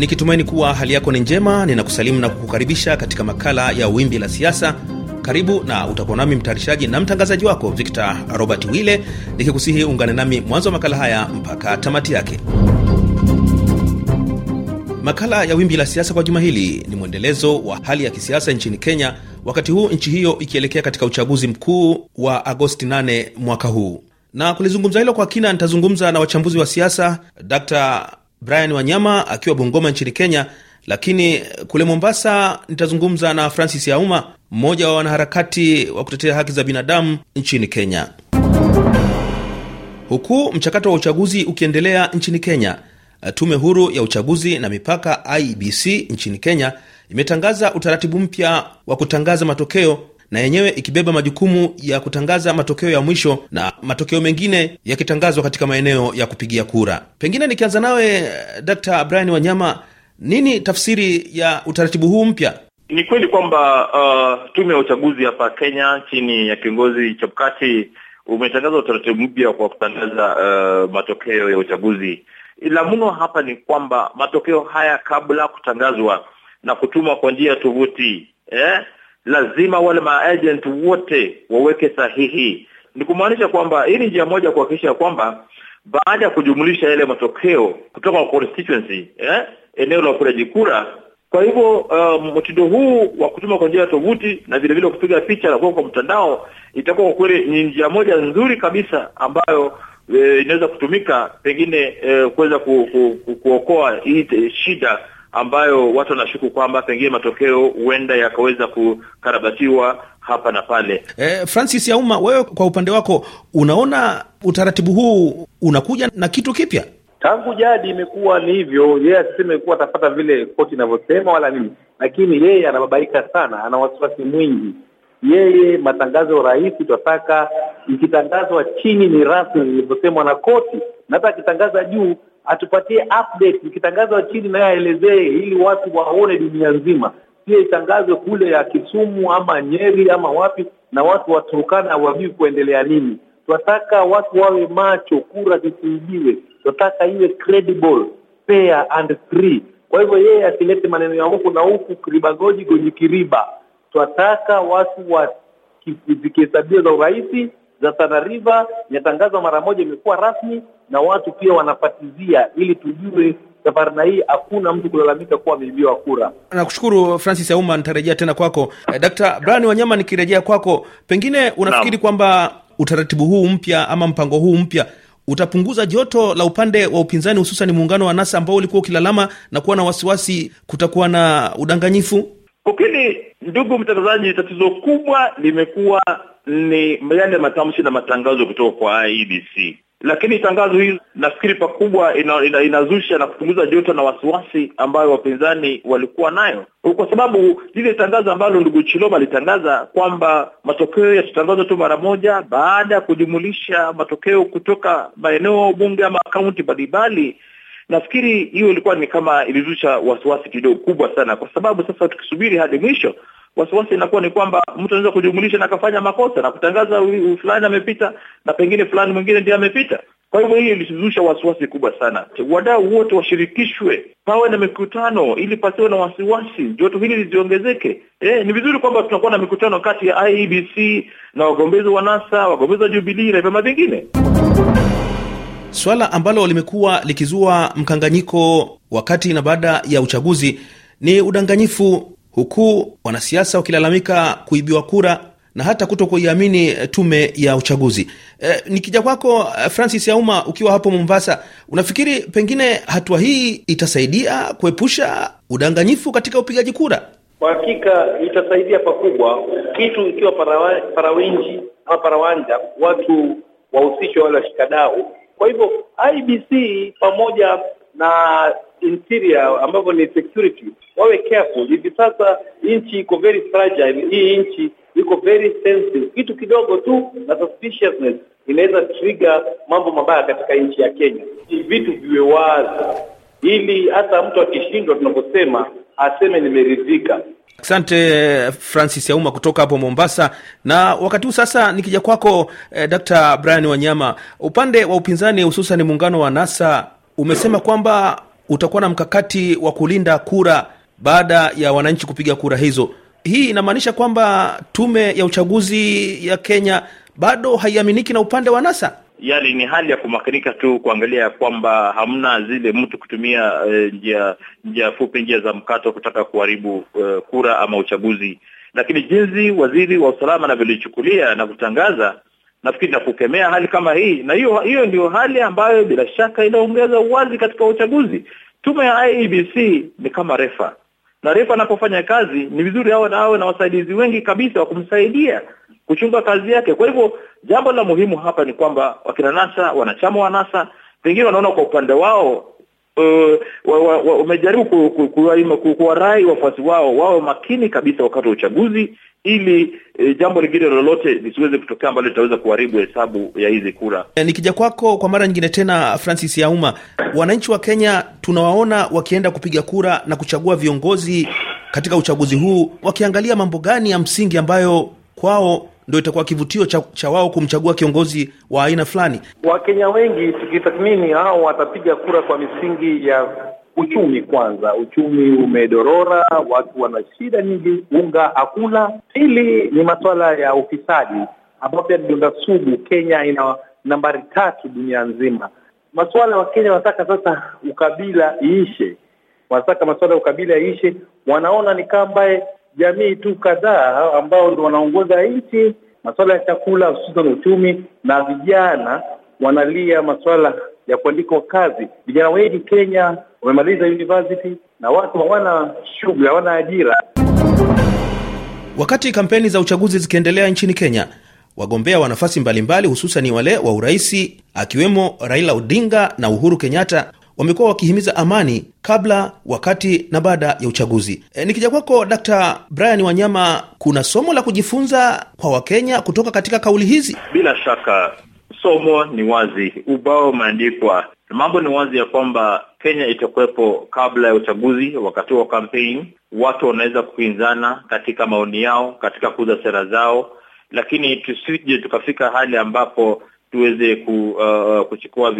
nikitumaini kuwa hali yako ni njema. Ninakusalimu na kukukaribisha katika makala ya Wimbi la Siasa. Karibu na utakuwa nami mtayarishaji na mtangazaji wako Victor Robert Wille, nikikusihi ungane nami mwanzo wa makala haya mpaka tamati yake. Makala ya Wimbi la Siasa kwa juma hili ni mwendelezo wa hali ya kisiasa nchini Kenya, wakati huu nchi hiyo ikielekea katika uchaguzi mkuu wa Agosti 8 mwaka huu. Na kulizungumza hilo kwa kina, nitazungumza na wachambuzi wa siasa Dr Brian Wanyama akiwa Bungoma nchini Kenya. Lakini kule Mombasa nitazungumza na Francis Yauma, mmoja wa wanaharakati wa kutetea haki za binadamu nchini Kenya. Huku mchakato wa uchaguzi ukiendelea nchini Kenya, tume huru ya uchaguzi na mipaka IBC nchini Kenya imetangaza utaratibu mpya wa kutangaza matokeo na yenyewe ikibeba majukumu ya kutangaza matokeo ya mwisho na matokeo mengine yakitangazwa katika maeneo ya kupigia kura. Pengine nikianza nawe eh, Dkt. Brian Wanyama, nini tafsiri ya utaratibu huu mpya? Ni kweli kwamba uh, tume ya uchaguzi hapa Kenya chini ya kiongozi Chebukati umetangaza utaratibu mpya kwa kutangaza uh, matokeo ya uchaguzi. Ila mno hapa ni kwamba matokeo haya kabla kutangazwa na kutumwa kwa njia ya tovuti eh, lazima wale maagent wote waweke sahihi. Ni kumaanisha kwamba hii ni njia moja kuhakikisha kwamba baada ya kujumlisha yale matokeo kutoka kwa constituency eh, eneo la upigaji kura. Kwa hivyo um, mtindo huu wa kutuma kwa njia ya tovuti na vile vile kupiga picha na kwa mtandao itakuwa kwa kweli ni njia moja nzuri kabisa ambayo e, inaweza kutumika pengine e, kuweza ku, ku, ku, kuokoa hii eh, shida ambayo watu wanashuku kwamba pengine matokeo huenda yakaweza kukarabatiwa hapa na pale. Eh, Francis Yauma, wewe kwa upande wako unaona utaratibu huu unakuja na kitu kipya? Tangu jadi imekuwa ni hivyo. Yeye asiseme kuwa atapata vile koti inavyosema wala nini, lakini yeye anababaika sana, ana wasiwasi mwingi yeye. Matangazo rahisi twataka ikitangazwa chini ni rasmi ilivyosemwa na koti, na hata akitangaza juu atupatie update ikitangazwa chini, naye aelezee ili watu waone dunia nzima, sio itangazwe kule ya Kisumu ama Nyeri ama wapi, na watu waturukana wajui kuendelea nini. Tunataka watu wawe macho, kura zisiibiwe. Tunataka iwe credible, fair and free. Kwa hivyo yeye asilete maneno ya huku na huku, kiriba goji kiriba. Tunataka watu wa zikihesabiwa za urahisi za Tana River imetangazwa mara moja, imekuwa rasmi na watu pia wanafatizia, ili tujue safari na hii hakuna mtu kulalamika kuwa ameibiwa kura. Nakushukuru Francis Auma, nitarejea tena kwako. Eh, Dkt. Brian Wanyama, nikirejea kwako, pengine unafikiri kwamba utaratibu huu mpya ama mpango huu mpya utapunguza joto la upande wa upinzani, hususan muungano wa NASA ambao ulikuwa ukilalama na kuwa na wasiwasi kutakuwa na udanganyifu? Kwa kweli, ndugu mtangazaji, tatizo kubwa limekuwa ni yale matamshi na matangazo kutoka kwa IEBC, lakini tangazo hili nafikiri pakubwa ina, ina, inazusha na kupunguza joto na wasiwasi ambayo wapinzani walikuwa nayo, kwa sababu lile tangazo ambalo ndugu chiloba alitangaza kwamba matokeo yatatangazwa tu mara moja baada ya kujumulisha matokeo kutoka maeneo bunge ama kaunti mbalimbali nafikiri hiyo ilikuwa ni kama ilizusha wasiwasi kidogo kubwa sana, kwa sababu sasa tukisubiri hadi mwisho wasiwasi inakuwa ni kwamba mtu anaweza kujumulisha na akafanya makosa na kutangaza fulani amepita na pengine fulani mwingine ndiye amepita. Kwa hivyo hii ilizusha wasiwasi kubwa sana. Wadau wote washirikishwe, pawe na mikutano ili pasiwe na wasiwasi, joto hili liziongezeke Eh, ni vizuri kwamba tunakuwa na mikutano kati ya IEBC na wagombezi wa NASA, wagombezi wa Jubilee na vyama vingine. Swala ambalo limekuwa likizua mkanganyiko wakati na baada ya uchaguzi ni udanganyifu huku wanasiasa wakilalamika kuibiwa kura na hata kuto kuiamini eh, tume ya uchaguzi. E, nikija kwako eh, Francis Auma, ukiwa hapo Mombasa, unafikiri pengine hatua hii itasaidia kuepusha udanganyifu katika upigaji kura? Kwa hakika itasaidia pakubwa, kitu ikiwa parawinji ama parawanja, watu wahusishwa wale washikadau. Kwa hivyo IBC pamoja na interior ambavyo ni security wawe careful. Hivi sasa nchi iko very fragile, hii nchi iko very sensitive. Kitu kidogo tu na suspiciousness inaweza trigger mambo mabaya katika nchi ya Kenya. Vitu viwe wazi, ili hata mtu akishindwa, tunaposema aseme nimeridhika. Asante Francis Yauma kutoka hapo Mombasa. Na wakati huu sasa nikija kwako, eh, Dr. Brian Wanyama, upande wa upinzani hususan muungano wa NASA Umesema kwamba utakuwa na mkakati wa kulinda kura baada ya wananchi kupiga kura hizo. Hii inamaanisha kwamba tume ya uchaguzi ya Kenya bado haiaminiki na upande wa NASA? yani ni hali ya kumakinika tu kuangalia kwamba hamna zile mtu kutumia e, njia njia fupi, njia za mkato kutaka kuharibu e, kura ama uchaguzi. Lakini jinsi waziri wa usalama anavyolichukulia na kutangaza nafikiri na kukemea hali kama hii, na hiyo hiyo ndio hali ambayo bila shaka inaongeza uwazi katika uchaguzi. Tume ya IEBC ni kama refa, na refa anapofanya kazi ni vizuri awe na awe na wasaidizi wengi kabisa wa kumsaidia kuchunga kazi yake. Kwa hivyo jambo la muhimu hapa ni kwamba wakina NASA, wanachama wa NASA, pengine wanaona kwa upande wao wamejaribu wa, wa, ku, ku, kuwarai wafuasi wao wawe makini kabisa wakati wa uchaguzi ili e, jambo lingine lolote lisiweze kutokea ambalo litaweza kuharibu hesabu ya hizi kura. E, nikija kwako kwa mara nyingine tena Francis Yauma, wananchi wa Kenya tunawaona wakienda kupiga kura na kuchagua viongozi katika uchaguzi huu, wakiangalia mambo gani ya msingi ambayo kwao ndo itakuwa kivutio cha, cha wao kumchagua kiongozi wa aina fulani. Wakenya wengi tukitathmini, hao watapiga kura kwa misingi ya uchumi kwanza. Uchumi umedorora, watu wana shida nyingi, unga hakuna. Pili ni masuala ya ufisadi, ambayo pia ni donda sugu. Kenya ina nambari tatu dunia nzima. Masuala Wakenya wanataka sasa ukabila iishe, wanataka masuala ya ukabila iishe. Wanaona ni kama ambaye jamii tu kadhaa ambao ndio wanaongoza nchi masuala ya chakula, hususan uchumi, na vijana wanalia masuala ya kuandikwa kazi. Vijana wengi Kenya wamemaliza university na watu hawana shughuli, hawana ajira. Wakati kampeni za uchaguzi zikiendelea nchini Kenya, wagombea wa nafasi mbalimbali hususan wale wa uraisi akiwemo Raila Odinga na Uhuru Kenyatta wamekuwa wakihimiza amani kabla, wakati na baada ya uchaguzi. E, nikija kwako Dkt. Brian Wanyama, kuna somo la kujifunza kwa Wakenya kutoka katika kauli hizi? Bila shaka somo ni wazi, ubao umeandikwa, mambo ni wazi ya kwamba Kenya itakuwepo kabla ya uchaguzi, wakati wa kampeni. Watu wanaweza kupinzana katika maoni yao, katika kuuza sera zao, lakini tusije tukafika hali ambapo tuweze ku, uh, uh kuchukua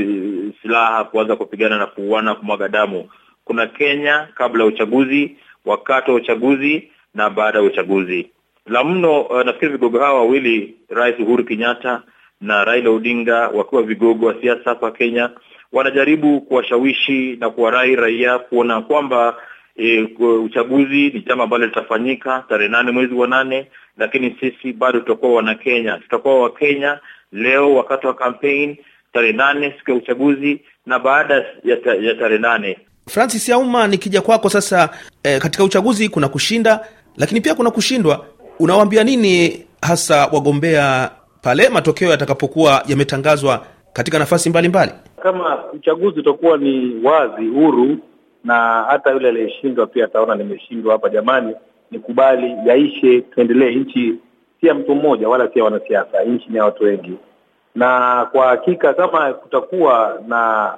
silaha kuanza kupigana na kuuana, kumwaga damu. Kuna Kenya kabla ya uchaguzi, wakati wa uchaguzi na baada ya uchaguzi. La mno, uh, nafikiri vigogo hawa wawili, Rais Uhuru Kenyatta na Raila Odinga, wakiwa vigogo wa siasa hapa Kenya, wanajaribu kuwashawishi na kuwarai raia kuona kwamba e, uchaguzi ni chama ambalo litafanyika tarehe nane mwezi wa nane, lakini sisi bado tutakuwa wana Kenya, tutakuwa wa Kenya leo wakati wa kampeni, tarehe nane siku ya uchaguzi na baada ya tarehe nane. Francis auma nikija kwako sasa eh, katika uchaguzi kuna kushinda lakini pia kuna kushindwa. Unawaambia nini hasa wagombea pale matokeo yatakapokuwa yametangazwa katika nafasi mbalimbali mbali? Kama uchaguzi utakuwa ni wazi, huru na hata yule aliyeshindwa pia ataona nimeshindwa hapa, jamani, nikubali yaishe, tuendelee, nchi si ya mtu mmoja wala si ya wanasiasa. Nchi ni ya watu wengi, na kwa hakika kama kutakuwa na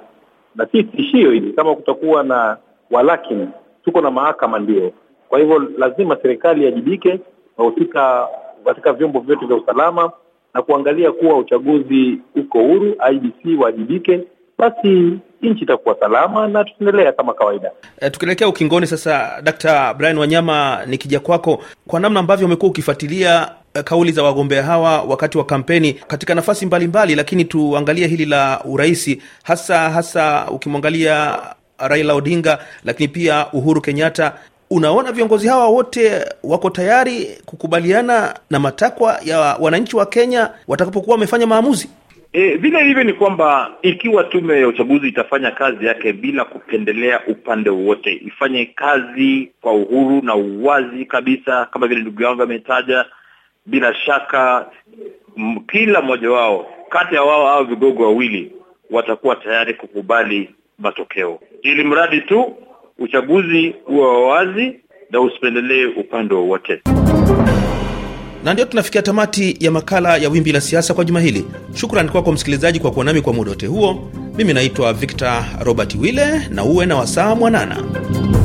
na si tishio hili, kama kutakuwa na walakini, tuko na mahakama ndio. Kwa hivyo lazima serikali iajibike, wahusika katika vyombo vyote vya usalama na kuangalia kuwa uchaguzi uko huru, IBC waajibike, basi nchi itakuwa salama na tutaendelea kama kawaida. E, tukielekea ukingoni sasa, Dkt. Brian Wanyama, nikija kwako, kwa namna ambavyo umekuwa ukifuatilia kauli za wagombea hawa wakati wa kampeni katika nafasi mbalimbali mbali, lakini tuangalie hili la urahisi hasa hasa ukimwangalia Raila Odinga lakini pia Uhuru Kenyatta. Unaona viongozi hawa wote wako tayari kukubaliana na matakwa ya wananchi wa Kenya watakapokuwa wamefanya maamuzi. E, vile hivyo ni kwamba ikiwa tume ya uchaguzi itafanya kazi yake bila kupendelea upande wowote, ifanye kazi kwa uhuru na uwazi kabisa, kama vile ndugu yangu ametaja bila shaka kila mmoja wao kati ya wao au vigogo wawili watakuwa tayari kukubali matokeo, ili mradi tu uchaguzi huwa wazi na usipendelee upande wowote. Na ndio tunafikia tamati ya makala ya Wimbi la Siasa kwa juma hili. Shukrani kwako msikilizaji kwa kuwa nami kwa muda wote huo. Mimi naitwa Victor Robert wille na uwe na wasaa mwanana.